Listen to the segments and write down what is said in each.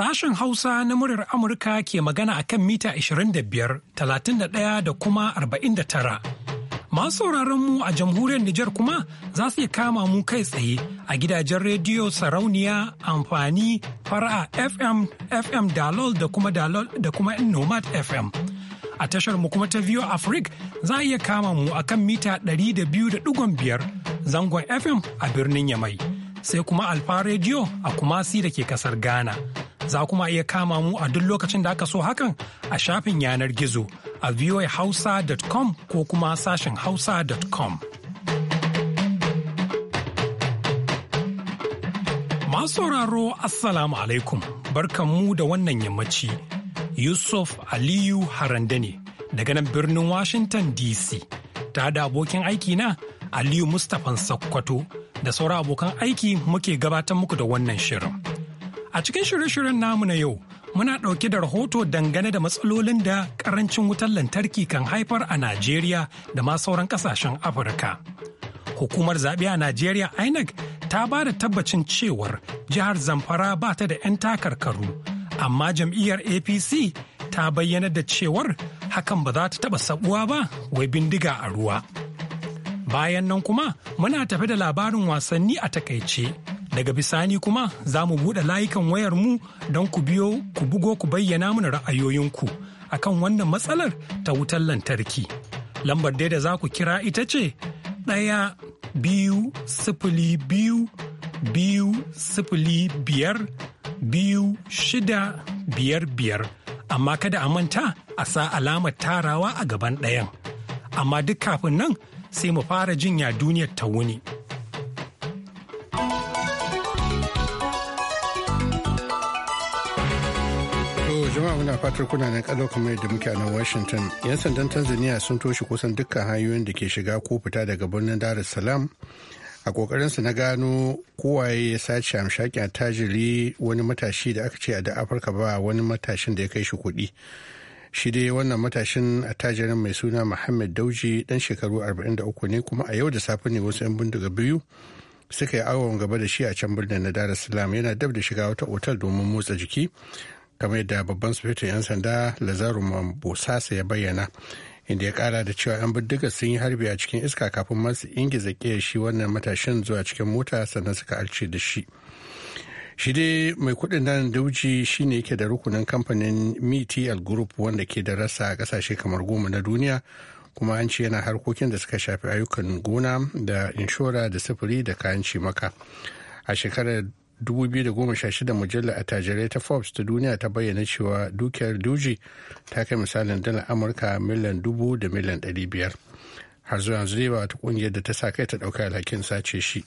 Sashen Hausa na muryar Amurka ke magana a kan mita 25, 31 da kuma 49. Masu sauraron mu a jamhuriyar Nijar kuma za su iya kama mu kai tsaye a gidajen rediyo sarauniya amfani fara FM, FM Dalol da kuma Dalol da kuma Nomad FM. A tashar mu kuma ta View afrik za a iya kama mu a kan mita 200.5 zangon FM a birnin Yamai. Sai kuma Alfa Radio a Kumasi da ke kasar Ghana. Za kuma iya kama mu a duk lokacin da aka so hakan a shafin yanar gizo a voahausa.com ko kuma sashen hausa.com. Masu sauraro Assalamu alaikum barkanmu da wannan yammaci Yusuf Aliyu Harande ne daga nan birnin Washington DC ta da abokin aiki na Aliyu Mustapha Sakkwato da sauran abokan aiki muke gabatar muku da wannan shirin. A cikin shirye-shiryen namu na yau, muna ɗauke da rahoto dangane da matsalolin da ƙarancin wutar lantarki kan haifar a Najeriya da ma sauran ƙasashen Afirka. Hukumar zaɓe a Najeriya INEC ta ba da tabbacin cewar jihar Zamfara ba ta da 'yan takarkaru, amma jam'iyyar APC ta bayyana da cewar hakan ba za ta taɓa sabuwa ba wai bindiga a ruwa. Bayan nan kuma muna tafi da labarin wasanni a takaice. Daga bisani kuma za mu buɗe layukan wayar mu don ku biyo ku bugo ku bayyana mana ra'ayoyinku akan wannan matsalar ta wutar lantarki. Lambar dai da za ku kira ita ce ɗaya biyu sifili biyu biyu sifili biyar biyu shida biyar biyar amma kada a manta a sa alamar tarawa a gaban ɗayan. Amma duk kafin nan sai mu fara jinya duniyar ta wuni. jama'a muna fatar kuna nan kalau kamar da muke a nan washington yan sandan tanzania sun toshe kusan dukkan hanyoyin da ke shiga ko fita daga birnin dar es salaam a kokarinsu na gano kowaye ya sace amshakin tajiri wani matashi da aka ce a da afirka ba wani matashin da ya kai shi kuɗi shi dai wannan matashin a tajirin mai suna muhammad dauji dan shekaru 43 ne kuma a yau da safe ne wasu 'yan bindiga biyu suka yi awon gaba da shi a can birnin na dar es salaam yana dab da shiga wata otal domin motsa jiki kamar yadda babban sufetin 'yan sanda lazaru mambosasa ya bayyana inda ya kara da cewa 'yan bindiga sun yi harbi a cikin iska kafin masu ingiza shi wannan matashin zuwa cikin mota sannan suka arce da shi shi dai mai kudin nan dauji shine yake da rukunin kamfanin metl group wanda ke da rasa a kasashe kamar goma na duniya kuma an ce yana harkokin da suka shafi ayyukan gona da inshora da sufuri da kayan cimaka a shekarar 2016 mujallar tajirai ta forbes ta duniya ta bayyana cewa dukiyar duji ta kai misalin dalar amurka miliyan dubu da miliyan 500 har zuwa yanzu wata kungiyar da ta sa kai ta dauka alhakin sace shi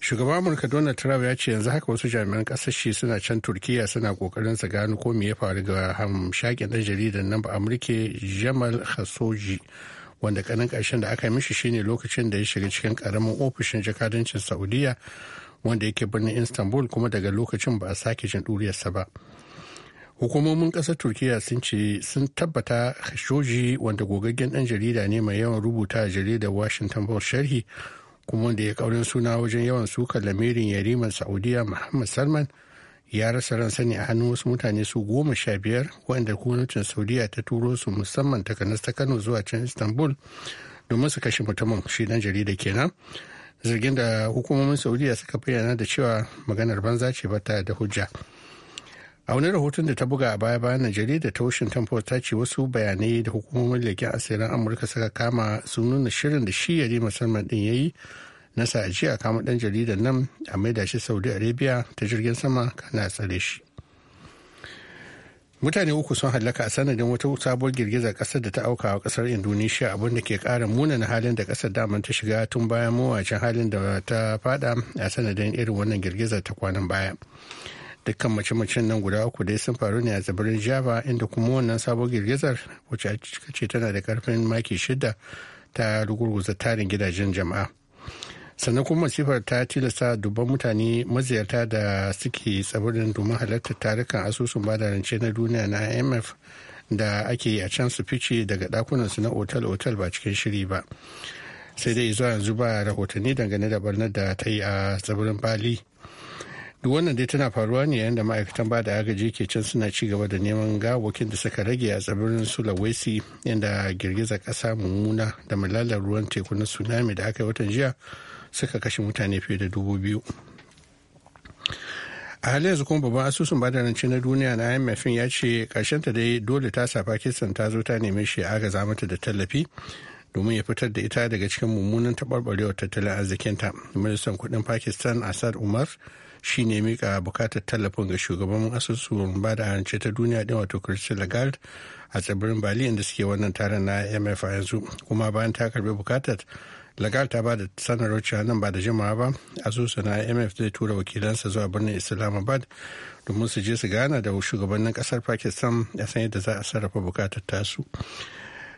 shugaban amurka donald trump ya ce yanzu haka wasu jami'an kasashe suna can turkiya suna kokarin su gano ko me ya faru ga hamshakin dan jaridar nan ba amurke jamal khashoggi wanda kanin karshen da aka mishi shine lokacin da ya shiga cikin karamin ofishin jakadancin saudiya wanda yake birnin istanbul kuma daga lokacin ba a sake jin ɗuriyarsa ba hukumomin ƙasar turkiyya sun ce sun tabbata khashoggi wanda gogaggen ɗan jarida ne mai yawan rubuta a jaridar washington post sharhi kuma wanda ya kaurin suna wajen yawan sukar lamirin yariman saudiya muhammad salman ya rasa ran sani a hannun wasu mutane su goma sha biyar wanda gwamnatin saudiya ta turo su musamman takanas ta kano zuwa can istanbul domin su kashe mutumin shi ɗan jarida kenan zargin da hukumomin saudiya suka bayyana da cewa maganar banza ce ba ta da hujja a wani rahoton da ta buga a baya bayan jarida ta washington post ta ce wasu bayanai da hukumomin leƙen asirin amurka suka kama sun nuna shirin da shi yare musamman din yi na sa a kama dan jaridan nan a maida shi saudi arabia ta jirgin sama kana tsare shi mutane uku sun hallaka a sanadin wata sabuwar girgizar kasar da ta auka a kasar indonesia abinda ke kara munana halin da kasar daman ta shiga tun bayan mawacin halin da ta fada a sanadin irin wannan girgizar ta kwanan baya dukkan mace-macen nan guda uku dai sun faru ne a tsibirin java inda kuma wannan sabuwar girgizar wacce ce tana da karfin maki shida ta rugurguza tarin gidajen jama'a sannan kuma masifar ta tilasta dubban mutane maziyarta da suke tsibirin domin halartar tarukan asusun bada rance na duniya na imf da ake a can su fice daga dakunansu na otal-otal ba cikin shiri ba sai dai zuwa yanzu ba rahotanni dangane da barnar da ta yi a tsibirin bali duk wannan dai tana faruwa ne yayin da ma'aikatan ba da agaji ke can suna ci gaba da neman gawokin da suka rage a tsibirin sulawesi inda girgizar kasa mummuna da malalar ruwan teku na tsunami da aka yi watan jiya suka kashe mutane fiye da dubu biyu a halin yanzu kuma babban asusun badarance na duniya na imf ya ce ta dai dole ta sa pakistan ta zo ta neme shi agaza mata da tallafi domin ya fitar da ita daga cikin mummunan taɓarɓarewar tattalin arzikinta ministan kudin pakistan asad umar shi ne mika bukatar tallafin ga shugaban asusun ba da ta duniya din wato christine lagarde a tsibirin bali inda suke wannan taron na mf a yanzu kuma bayan ta karbi bukatar Lagal ta ba da sanarwar cewa nan ba da jimawa ba asusu na IMF zai tura wakilansa zuwa birnin Islamabad domin su je su gana da shugabannin kasar Pakistan a san yadda za a sarrafa bukatar tasu.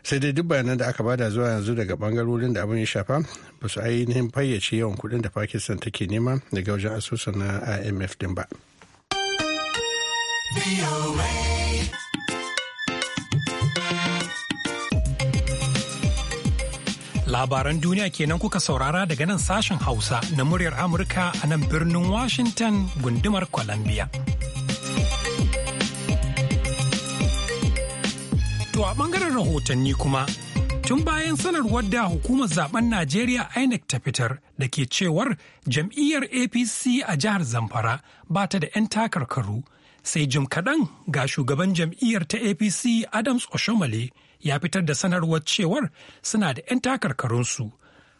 sai dai duk bayanan da aka bada zuwa yanzu daga bangarorin da abin ya shafa ba su ainihin fayyace yawan kuɗin da pakistan take nema daga wajen asusun na imf din ba. Labaran duniya kenan kuka saurara daga nan sashen Hausa na muryar Amurka a nan birnin Washington gundumar Columbia. To a ɓangaren rahotanni kuma, tun bayan sanarwar da hukumar zaben Najeriya INEC ta fitar da ke cewar jam'iyyar APC a jihar Zamfara ba ta da 'yan takarkaru sai jim kaɗan ga shugaban jam'iyyar ta APC Adams Oshomale. ya fitar da sanarwar cewar suna da 'yan takarkarunsu.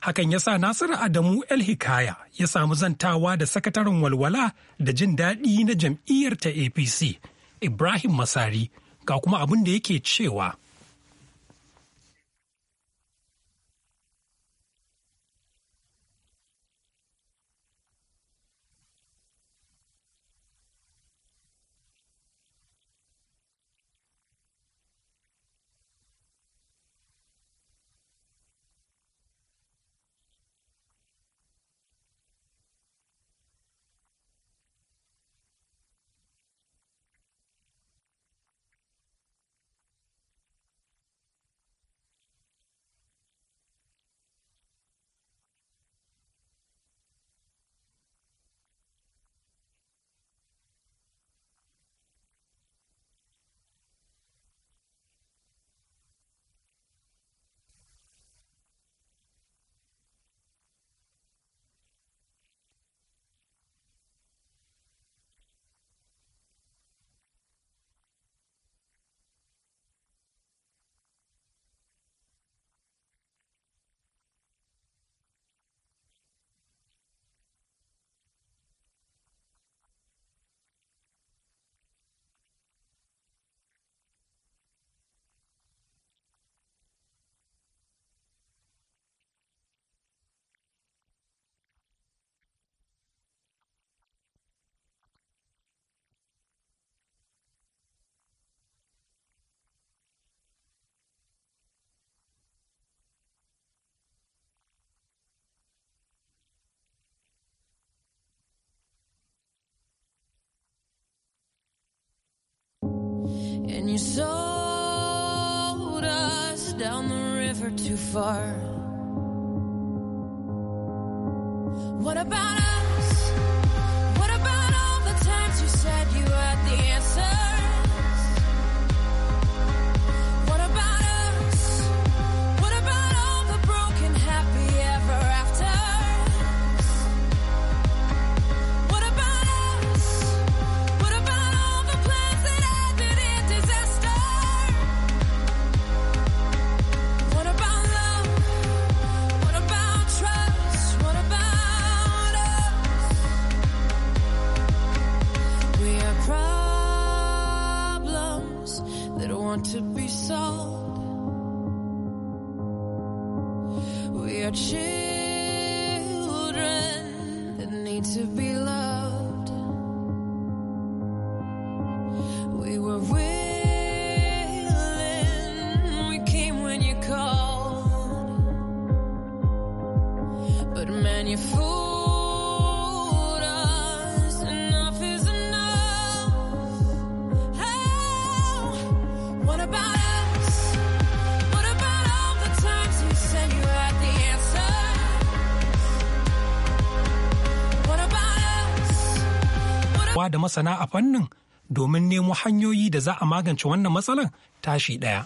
Hakan ya sa Nasiru Adamu El Hikaya ya samu zantawa da sakataren walwala da jin daɗi na jam'iyyar ta APC, Ibrahim Masari, ga kuma abin da yake cewa. You sold us down the river too far. What about want to be sold. We are children that need to be da masana a fannin domin nemo hanyoyi da za a magance wannan matsalar tashi ɗaya.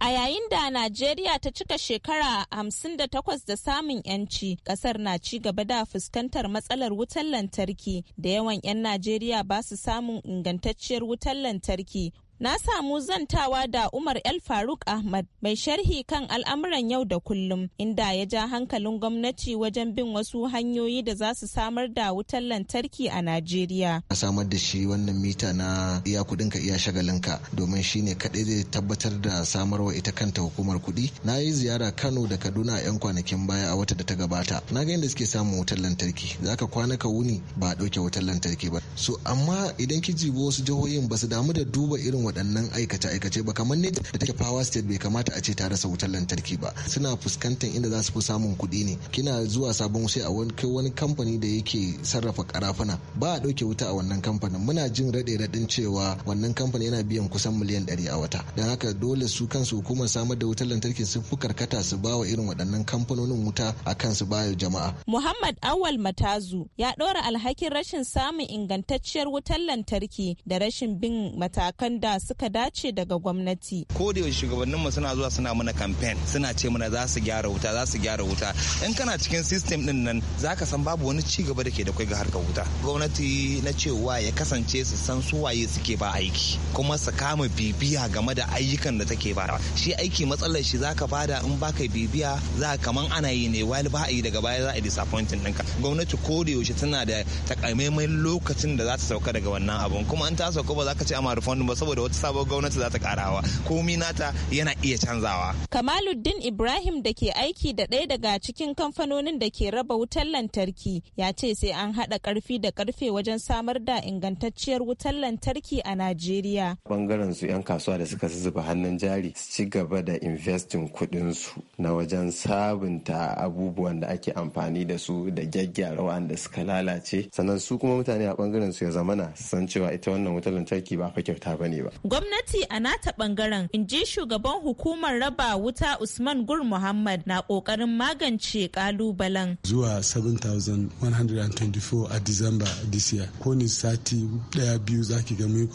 A yayin da Najeriya ta cika shekara hamsin da takwas da samun 'yanci, ƙasar na ci gaba da fuskantar matsalar wutar lantarki da yawan 'yan Najeriya ba su samun ingantacciyar wutar lantarki na samu zantawa da Umar El Faruk Ahmad mai sharhi kan al'amuran yau da kullum inda ya ja hankalin gwamnati wajen bin wasu hanyoyi da za su samar da wutar lantarki a Najeriya. A samar da shi wannan mita na iya kudinka iya shagalinka domin shi ne kaɗai zai tabbatar da samarwa ita kanta hukumar kuɗi. Na yi ziyara Kano da Kaduna 'yan kwanakin baya a wata da ta gabata. Na ga yadda suke samun wutar lantarki. Za ka kwana ka wuni ba a ɗauke wutar lantarki ba. su amma idan ki jibo wasu jihohin ba su damu da duba irin waɗannan aikace-aikace ba kamar ne da take power state bai kamata a ce ta rasa wutar lantarki ba suna fuskantar inda za su fi samun kuɗi ne kina zuwa sabon sai a wani kamfani da yake sarrafa karafuna ba a ɗauke wuta a wannan kamfanin muna jin raɗe-raɗin cewa wannan kamfanin yana biyan kusan miliyan ɗari a wata don haka dole su kansu hukumar samar da wutar lantarki sun fi karkata su ba wa irin waɗannan kamfanonin wuta a kansu ba jama'a. Muhammad Awal Matazu ya ɗora alhakin rashin samun ingantacciyar wutar lantarki da rashin bin matakan da suka dace daga gwamnati. Ko da yaushe shugabannin mu suna zuwa suna mana kamfen suna ce mana za su gyara wuta za su gyara wuta in kana cikin system din nan za ka san babu wani ci gaba da ke da kai ga harkar wuta. Gwamnati na cewa ya kasance su san su waye suke ba aiki kuma su kama bibiya game da ayyukan da take ba. Shi aiki matsalar shi za ka bada in baka bibiya za ka kaman ana yi ne wani ba yi daga baya za a yi disappointing ɗinka. Gwamnati ko da yaushe tana da takamaiman lokacin da za ta sauka daga wannan abun kuma an ta sauka ba za ka ce ma refunding ba saboda wata sabuwar gwamnati za ta karawa komi nata yana iya canzawa kamaluddin ibrahim da ke aiki da ɗaya daga cikin kamfanonin da ke raba wutar lantarki ya ce sai an haɗa ƙarfi da ƙarfe wajen samar da ingantacciyar wutar lantarki a najeriya bangaren su 'yan kasuwa da suka zuba hannun jari su ci gaba da investin kuɗin su na wajen sabunta abubuwan da ake amfani da su da gyaggyara wanda suka lalace sannan su kuma mutane a bangaren su ya zamana san cewa ita wannan wutar lantarki ba fa kyauta bane ba Gwamnati a nata bangaren in ji shugaban hukumar raba wuta Usman Gur Muhammad na kokarin magance kalubalen. Zuwa 7,124 a december this year. Ko ni sati daya biyu za ki ga muyi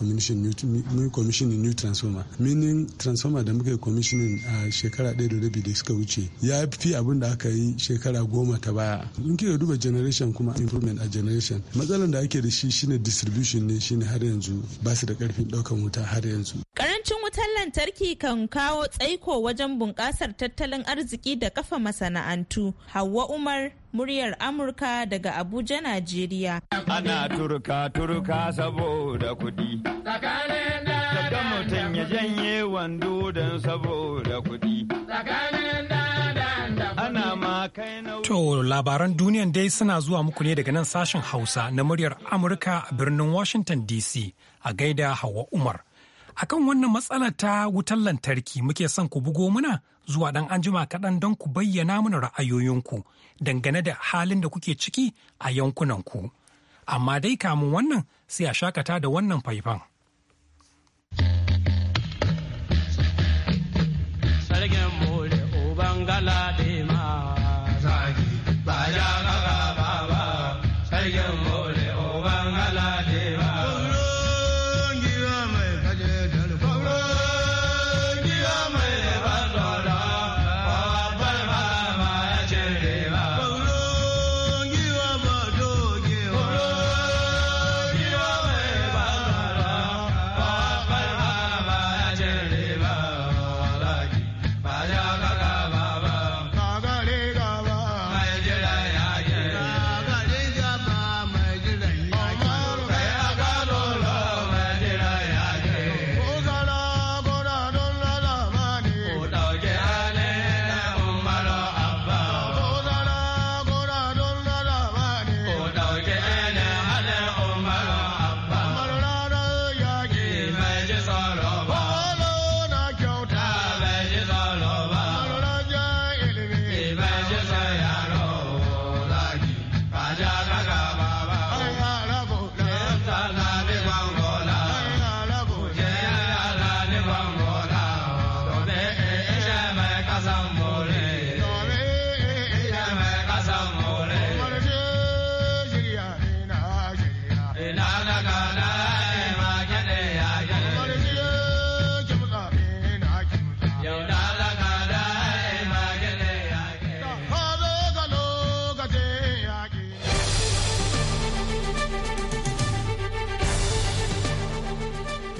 commissioning new transformer. Meaning transformer da muka yi commissioning a shekara ɗaya da rabi da suka wuce ya fi abin da aka yi shekara goma ta baya. In kika duba generation kuma improvement a generation. Matsalar da ake da shi shine distribution ne shine har yanzu ba su da karfin ɗaukan wuta. har yanzu. Karancin wutar lantarki kan kawo tsaiko wajen bunƙasar tattalin arziki da kafa masana'antu. Hauwa Umar muryar Amurka daga Abuja, Najeriya. Ana turka turka saboda kudi. To labaran duniyan dai suna zuwa muku ne daga nan sashen Hausa na muryar Amurka a birnin Washington DC a gaida Hawa Umar. akan wannan matsala ta wutar lantarki muke son ku bugo muna zuwa dan anjima kaɗan don ku bayyana mana ra'ayoyinku dangane da halin da kuke ciki a yankunanku. Amma dai kamun wannan sai a shakata da wannan faifan. Sargin mole, Ubangala Zagi, Baja Sargin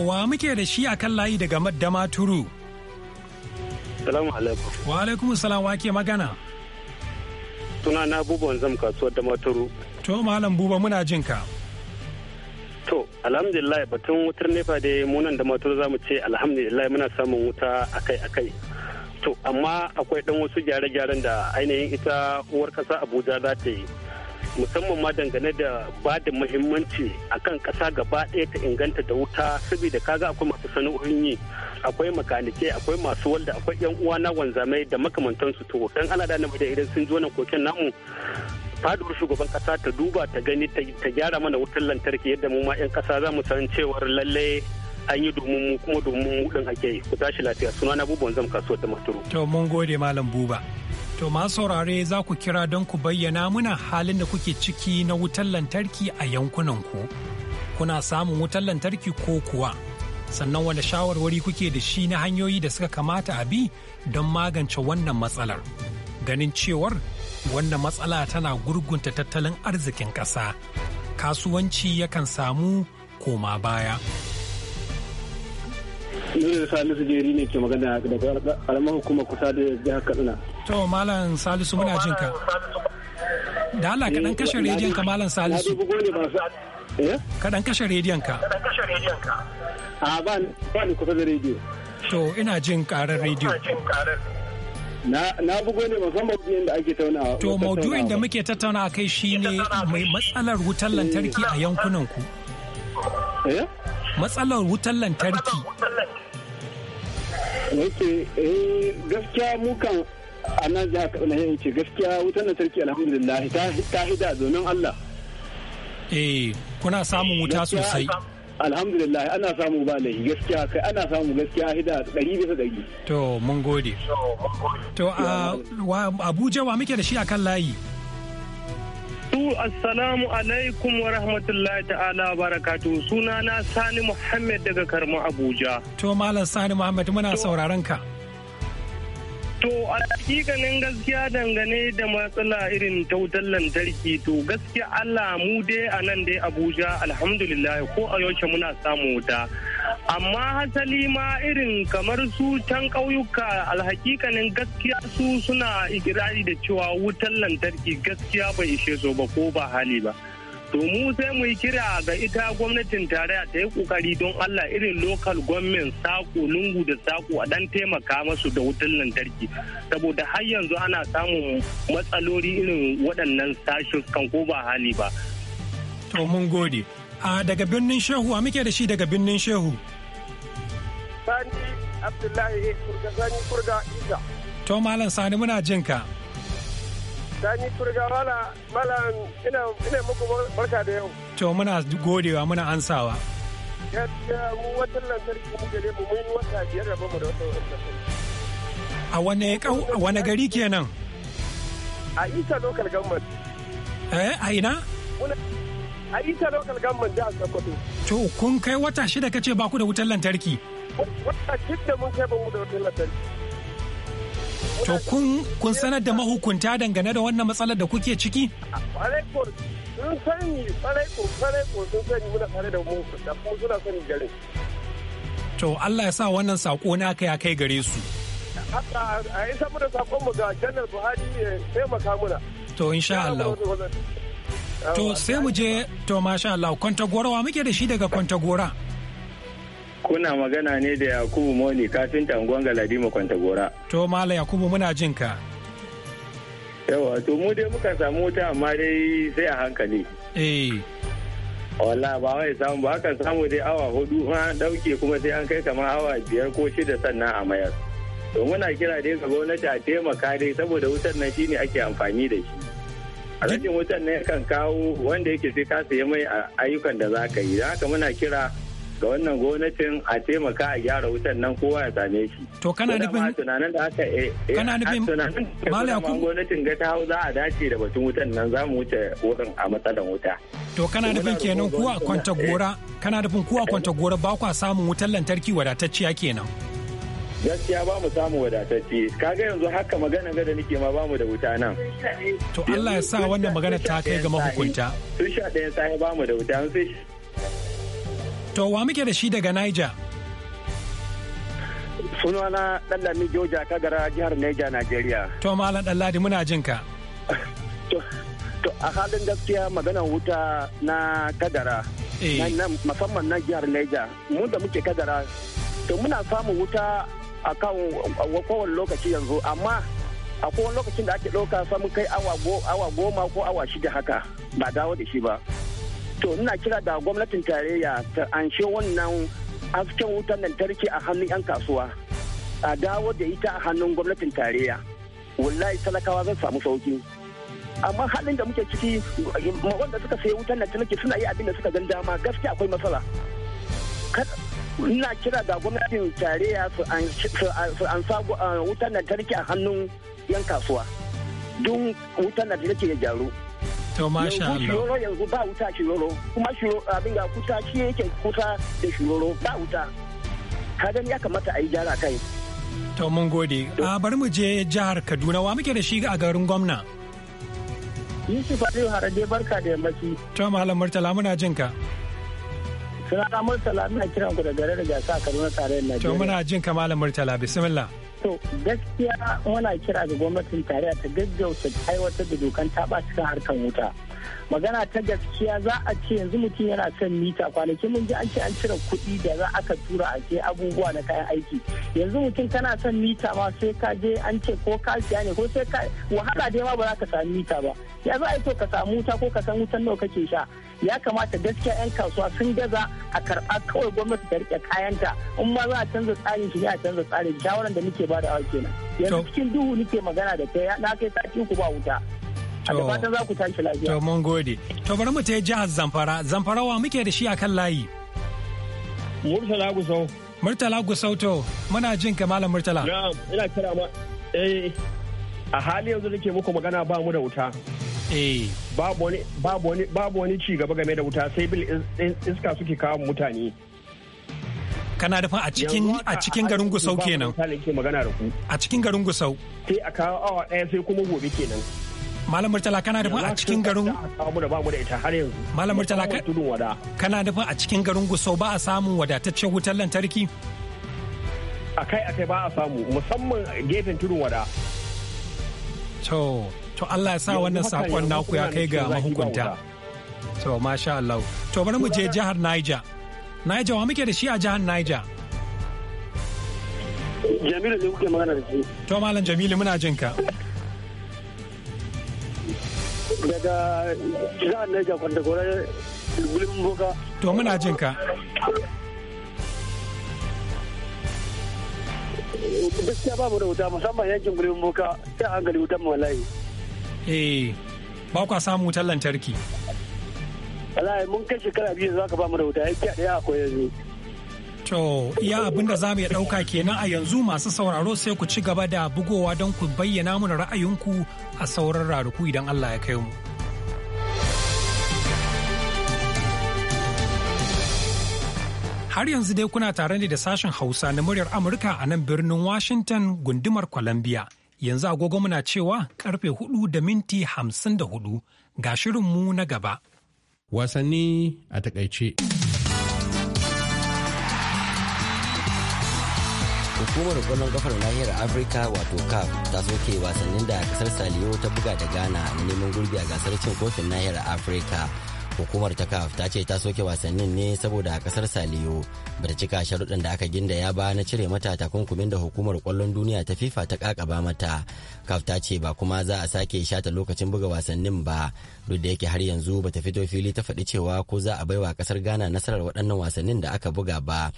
wa muke da shi a kan layi daga Maddama Turu. Wa alaikum salam wa ke magana. Suna na buban zam kasuwar Damaturu. To malam buba muna jin ka. To alhamdulillah batun wutar nefa dai munan da maturu za mu ce alhamdulillah muna samun wuta akai-akai. To amma akwai dan wasu gyare-gyaren da ainihin ita uwar kasa Abuja za ta yi. musamman ma dangane da ba da muhimmanci kan kasa gaba ɗaya ta inganta da wuta saboda kaga akwai masu sana'o'in yi akwai makanike akwai masu walda akwai yan uwa na wanzamai da makamantansu to dan ana da da idan sun zo nan koken namu faduwar shugaban kasa ta duba ta gani ta gyara mana wutar lantarki yadda mu ma 'yan kasa za mu san cewar lalle an yi domin mu kuma domin mu din ake yi ku tashi lafiya suna na buba wanzam kasuwar da masturu. to mun gode malam buba. To masu saurare za ku kira don ku bayyana muna halin da kuke ciki na wutar lantarki a yankunanku. Kuna samun wutar lantarki ko kuwa? Sannan wani shawarwari kuke da shi na hanyoyi da suka kamata a bi don magance wannan matsalar. Ganin cewar wannan matsala tana gurgunta tattalin arzikin ƙasa. Kasuwanci yakan samu koma baya. Nuri da Salisu Jeri ne ke magana daga alamar hukumar kusa da jihar Katsina. To Malam Salisu muna jin ka. Da Allah ka dan kashe rediyon ka Malam Salisu. Ka dan kashe rediyon ka. A ba ni kusa da rediyo. To ina jin karar rediyo. na bugo ne musamman biyan da ake taunawa. To maudu'in da muke tattauna kai shine mai matsalar wutar lantarki a eh. yankunan ku. Eh? Matsalar wutar lantarki. Yake eh, gaskiya mukan a nan jihar na ya ce gaskiya wutar sarki alhamdulillah ta hida domin allah eh kuna samun wuta sosai alhamdulillah ana samu ba laifi gaskiya kai ana samu gaskiya hida ɗari bisa ɗari to mun gode to a abuja wa muke da shi akan layi To assalamu alaikum wa rahmatullahi ta'ala barakatu suna na Sani Muhammad daga Karma Abuja. To Malam Sani Muhammad muna sauraron ka. To a hakikanin gaskiya dangane da matsala irin ta wutar lantarki to gaskiya Allah mu dai a nan dai Abuja alhamdulillah ko a yaushe muna samu wuta. Amma hasali ma irin kamar su can ƙauyuka alhakikanin gaskiya su suna ikirari da cewa wutar lantarki gaskiya bai ishe su ba ko ba hali ba. To mu sai mu yi kira ga ita gwamnatin tarayya ta yi kokari don Allah irin local government sako lungu da sako a dan taimaka masu da wutar lantarki saboda har yanzu ana samun matsaloli irin waɗannan sashen kan ko ba hali ba. To mun gode. A daga birnin Shehu a muke da shi daga birnin Shehu. Sani Abdullahi Kurga Sani Kurga Isa. To Malam Sani muna jinka. ka. Sani Turga mala mala ina ina muku barka da yau. To muna godewa muna ansawa. mu watan lantarki mu gare mu mun wata biyar da bamu da wata A wane wane gari kenan? A Isa local government. Eh a ina? A Isa local government da Sokoto. To kun kai wata shida kace ba ku da wutar lantarki? Wata shida mun kai ba mu da wutar lantarki. To kun sanar da mahukunta dangane da wannan matsalar da kuke ciki? sun sani kwarai ko kwarai ko sun sani muna tare da mu da kuma suna sani garin. To Allah ya sa wannan sako na kai ya kai gare su. Haka a isa mu da sakon mu ga Janar Buhari ya taimaka muna. To insha Allah. To sai mu je to masha Allah kwanta gorawa muke da shi daga kwanta gora. kuna magana ne da yakubu moni kafinta unguwan Kwanta, kwantagora to mala yakubu muna jin yawa to mu dai muka samu wuta amma dai sai a hankali eh wala ba wai samu ba Aka samu dai awa hudu an dauke kuma sai an kai kamar awa biyar ko shida sannan a mayar to muna kira dai ga gwamnati a taimaka dai saboda wutar nan shine ake amfani da shi a rashin wutar nan yakan kawo wanda yake sai ka sayi mai a ayyukan da za ka yi da haka muna kira ga wannan gwamnatin a taimaka a gyara wutan nan kowa ya same shi to kana nufin tunanin da aka eh, eh kana nufin mallam yakub gwamnatin ga ta hau za a dace da batun wutan nan za mu wuce wurin a matsalan wuta to kana nufin kenan kuwa kwanta gora kana nufin kuwa kwanta gora ba kwa samun wutar lantarki wadatacciya kenan gaskiya ba mu samu wadatacce kaga yanzu haka magana ga da nake ma ba mu da wuta nan to Allah ya sa wannan magana ta kai ga mahukunta sun sha ɗayan sai ba mu da wuta sun To wa muke da shi daga Niger? Sunana Ɗanlami Joja Kagara jihar Niger, Najeriya. To Malam Ɗanladi muna jin ka. To a halin gaskiya magana wuta na Kagara. Eh. Musamman na jihar Niger. mun da muke Kagara. To muna samun wuta a kan kowane lokaci yanzu amma a kowane lokacin da ake ɗauka samun kai awa goma ko awa shida haka ba dawo da shi ba. to ina kira da gwamnatin tarayya ta anshe wannan hasken wutar lantarki a hannun 'yan kasuwa a dawo da ita a hannun gwamnatin tarayya wallahi talakawa zan samu sauki amma halin da muke ciki wanda suka sayi wutar lantarki suna yi abin da suka gan dama gaskiya akwai matsala ina kira da gwamnatin tarayya su an sa eh, wutar lantarki a hannun 'yan kasuwa don wutar lantarki ya gyaru To masha Allah. Shiroro yanzu ba wuta shiroro kuma shiro abin ga kuta shi yake kuta da shiroro ba wuta. Ka gani ya kamata a yi gyara kai. To mun gode. A ah, bari mu je jihar Kaduna wa muke da shi a garin gwamna. Yusuf Aliyu Harade barka da yammaci. To Malam Murtala muna jin ka. Sunana Murtala muna kiran ku da gare da gasa Kaduna da Najeriya. To muna jin ka Malam Murtala bismillah. to gaskiya muna kira ga gwamnatin tarayya ta gaggauta aiwatar da dokan taɓa cikin harkar wuta magana ta gaskiya za a ce yanzu mutum yana son mita kwanaki mun ji an ce an cire kuɗi da za aka tura a ce abubuwa na kayan aiki yanzu mutum kana son mita ma sai ka je an ce ko ka siya ne ko sai ka wahala dai ma ba za ka sami mita ba ya za a yi to ka samu wuta ko ka san wutan nawa kake sha ya kamata gaskiya 'yan kasuwa sun gaza a karɓa kawai gwamnati ta rike kayanta in ma za a canza tsarin shi ne a canza tsarin shawaran da muke ba da kenan yanzu cikin duhu nake magana da kai na kai sati ku ba wuta a da fatan za ku tashi lafiya to mun gode to bari mu ta jihar zamfara zamfara wa muke da shi akan layi murtala gusau murtala gusau to muna jin ka malam murtala na'am ina kira ma eh a hali yanzu nake muku magana ba mu da wuta eh. babu wani ci gaba game da wuta sai bil iska suke kawo mutane kana da a cikin a cikin garin Gusau kenan a cikin garin Gusau sai a kawo awa ɗaya sai kuma gobe kenan Malam Murtala kana nufin a cikin garin Malam Murtala kana nufin a cikin garin guso ba a samun wadataccen wutar lantarki? a kai ba a samu musamman gefen tudun wada. To, to Allah ya sa wannan sakon naku ya kai ga mahukunta. To, masha Allah. To, bari mu je jihar Niger. Niger, wa muke da shi a jihar Niger? Jamilu ne kuke magana da shi. To, Malam Jamilu muna jinka. To muna jin ka. Eh, ba kwa samu wutar lantarki. Alayi mun kai shekara biyu za ka ba mu da wuta a ɗaya akwai yanzu. To, iya abin da za mu ɗauka kenan a yanzu masu sauraro sai ku ci gaba da bugowa don ku bayyana mana ra'ayinku a sauran raruku idan Allah ya kai mu. Har yanzu dai kuna tare ne da sashen Hausa na muryar Amurka a nan birnin Washington gundumar Columbia. Yanzu agogo muna cewa karfe hudu da minti hamsin da hudu ga shirinmu na gaba. Wasanni a takaice. Hukumar kwallon kafar nahiyar Afirka wato CAF ta soke wasannin da kasar Saliyo ta buga da Ghana na neman gurbi a gasar cin kofin nahiyar Afirka. hukumar ta kaf ta ce ta soke wasannin ne saboda a kasar saliyo bata cika sharuɗin da aka ginda ya ba na cire mata takunkumin da hukumar kwallon duniya ta fifa ta kakaba mata kaf ta ce ba kuma za a sake shata lokacin buga wasannin ba duk da yake har yanzu bata fito fili ta faɗi cewa ko za a baiwa kasar ghana nasarar waɗannan wasannin da aka buga ba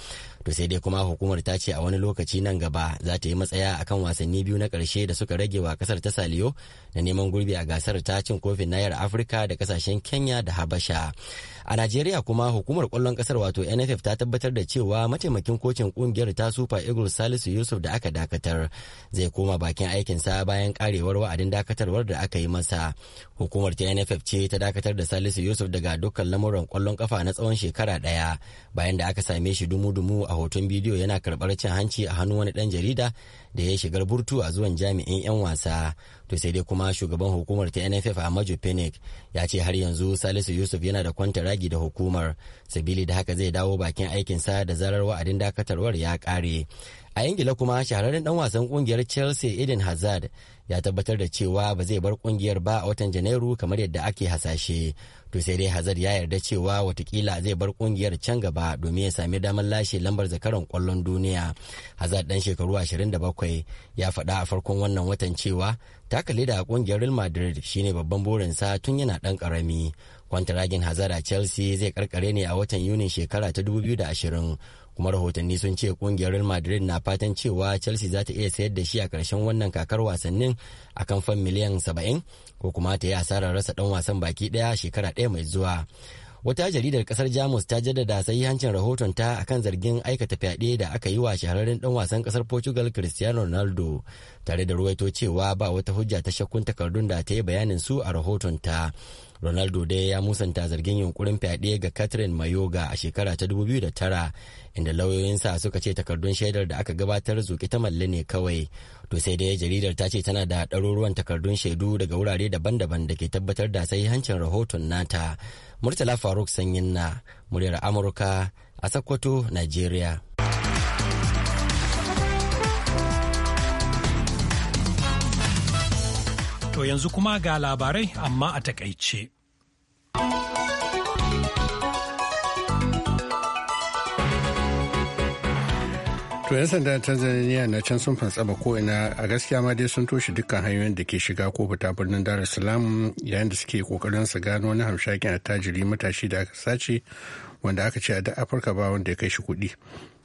to sai dai kuma hukumar ta ce a wani lokaci nan gaba za ta yi matsaya akan wasanni biyu na ƙarshe da suka rage wa kasar ta saliyo na neman gurbi a gasar ta cin kofin nayar afirka da kasashen kenya da habasha a najeriya kuma hukumar kwallon ƙasar wato nff ta tabbatar da cewa mataimakin kocin kungiyar ta super eagles salisu yusuf da aka dakatar zai koma bakin aikinsa bayan karewar wa'adin dakatarwar da aka yi masa hukumar ta nff CAF ce ta dakatar da Salisu Yusuf daga dukkan lamuran kwallon kafa na tsawon shekara ɗaya bayan da aka same shi dumu-dumu a hoton bidiyo yana karɓar cin hanci a hannun wani ɗan jarida da ya shigar burtu a zuwan jami'in 'yan wasa to sai dai kuma shugaban hukumar ta nff a maju penic ya ce har yanzu salisu yusuf yana da kwanta ragi da hukumar sabili da haka zai dawo bakin aikin sa da zarar wa'adin dakatarwar ya kare a ingila kuma shahararren dan wasan kungiyar chelsea eden hazard ya tabbatar da cewa ba zai bar kungiyar ba a watan janairu kamar yadda ake hasashe to sai dai hazard ya yarda cewa watakila zai bar kungiyar can gaba domin ya sami damar lashe lambar zakaran kwallon duniya hazard dan shekaru 27 ya faɗa a farkon wannan watan cewa takale da a kungiyar real madrid shine babban burinsa tun yana dan karami kwantaragin hazara chelsea zai karkare ne a watan yunin shekara ta 2020 kuma rahotanni sun ce kungiyar real madrid na fatan cewa chelsea za ta iya sayar da shi a karshen wannan kakar wasannin akan kan fan miliyan 70 ko kuma ta yi asarar rasa dan wasan baki daya shekara daya mai zuwa wata jaridar kasar jamus ta jaddada hancin rahoton ta akan zargin aikata fyaɗe da aka yi wa shahararren ɗan wasan kasar portugal cristiano ronaldo tare da ruwaito cewa ba wata hujja ta shakkun takardun da ta yi bayanin su a rahoton ta ronaldo dai ya musanta zargin yunkurin fyaɗe ga catherine mayoga a shekara ta 2009 inda lauyoyinsa suka ce takardun shaidar da aka gabatar zuƙi ta malle ne kawai to sai dai jaridar ta ce tana da ɗaruruwan takardun shaidu daga wurare daban-daban da ke tabbatar da sai sahihancin rahoton nata murtala faruk sanyin na muryar amurka a sokoto nigeria yanzu kuma ga labarai amma a takaice. to 'yan sandan tanzania na can sun fantsama ko'ina a gaskiya ma dai sun toshe dukkan hanyoyin da ke shiga ko fita birnin dar es salaam yayin da suke kokarin su gano wani hamshakin attajiri matashi da aka sace wanda aka ce a da afirka ba wanda ya kai shi kuɗi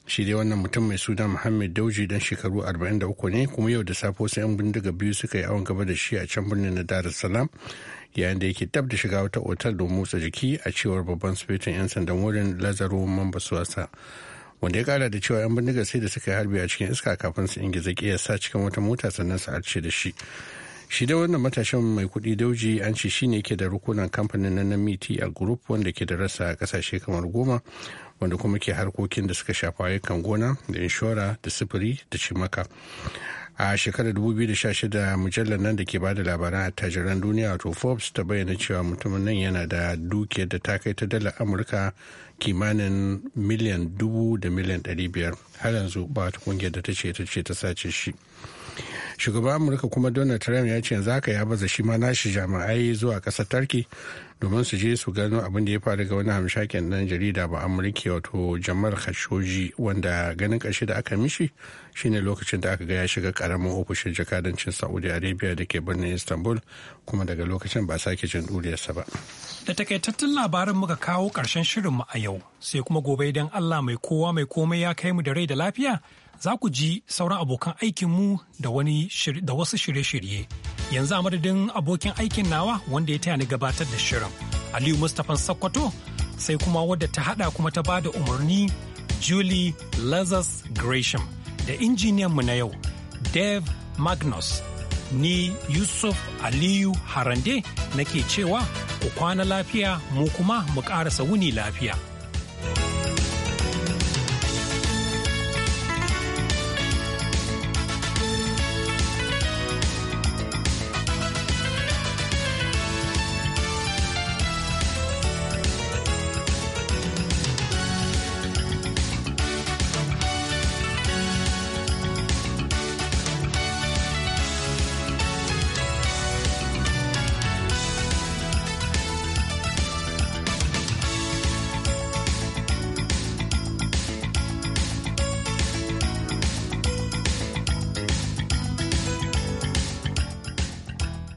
shi dai wannan mutum mai suna muhammad dauji dan shekaru 43 ne kuma yau da safo sai yan bindiga biyu suka yi awon gaba da shi a can birnin na dar es salaam yayin da yake tab da shiga wata otal don motsa jiki a cewar babban sufetin 'yan sandan wurin lazaro mambasuwasa wanda ya kara da cewa 'yan bindiga sai da suka yi harbi a cikin iska kafin su ingiza sa cikin wata mota sannan su arce da shi shi da wannan matashin mai kuɗi dauji an ce shine ke da rukunan kamfanin na miti a group wanda ke da rasa kasashe kamar goma wanda kuma ke harkokin da suka shafa ayyukan gona da inshora da sufuri da cimaka a shekarar 2016 mujallar nan da ke bada labaran attajiran duniya wato forbes ta bayyana cewa mutumin nan yana da dukiyar da ta kai ta dala amurka kimanin miliyan dubu da miliyan 500 har yanzu ba ta kungiyar da ta ce ta ce ta sace shi shugaban amurka kuma donald trump ya ce yanzu haka ya baza shi ma nashi jami'ai zuwa kasar turkey domin su je su gano abin da ya faru ga wani hamshakin nan jarida ba amurka wato jamal khashoggi wanda ganin karshe da aka mishi shine lokacin da aka ga ya shiga karamin ofishin jakadancin saudi arabia da ke birnin istanbul kuma daga lokacin ba sake jin duriyarsa ba da takaitattun labarin muka kawo karshen shirin mu a yau sai kuma gobe idan allah mai kowa mai komai ya kai mu da rai da lafiya za ku ji sauran abokan aikinmu da wasu shirye-shirye. Yanzu a madadin abokin aikin nawa wanda ya taya ni gabatar da shirin. Aliyu Mustapha Sakkwato sai kuma wadda ta hada kuma ta bada umarni Julie Lazarus Gresham da injiniyan mu na yau Dave Magnus. Ni Yusuf Aliyu Harande nake cewa ku kwana lafiya mu kuma mu ƙarasa wuni lafiya.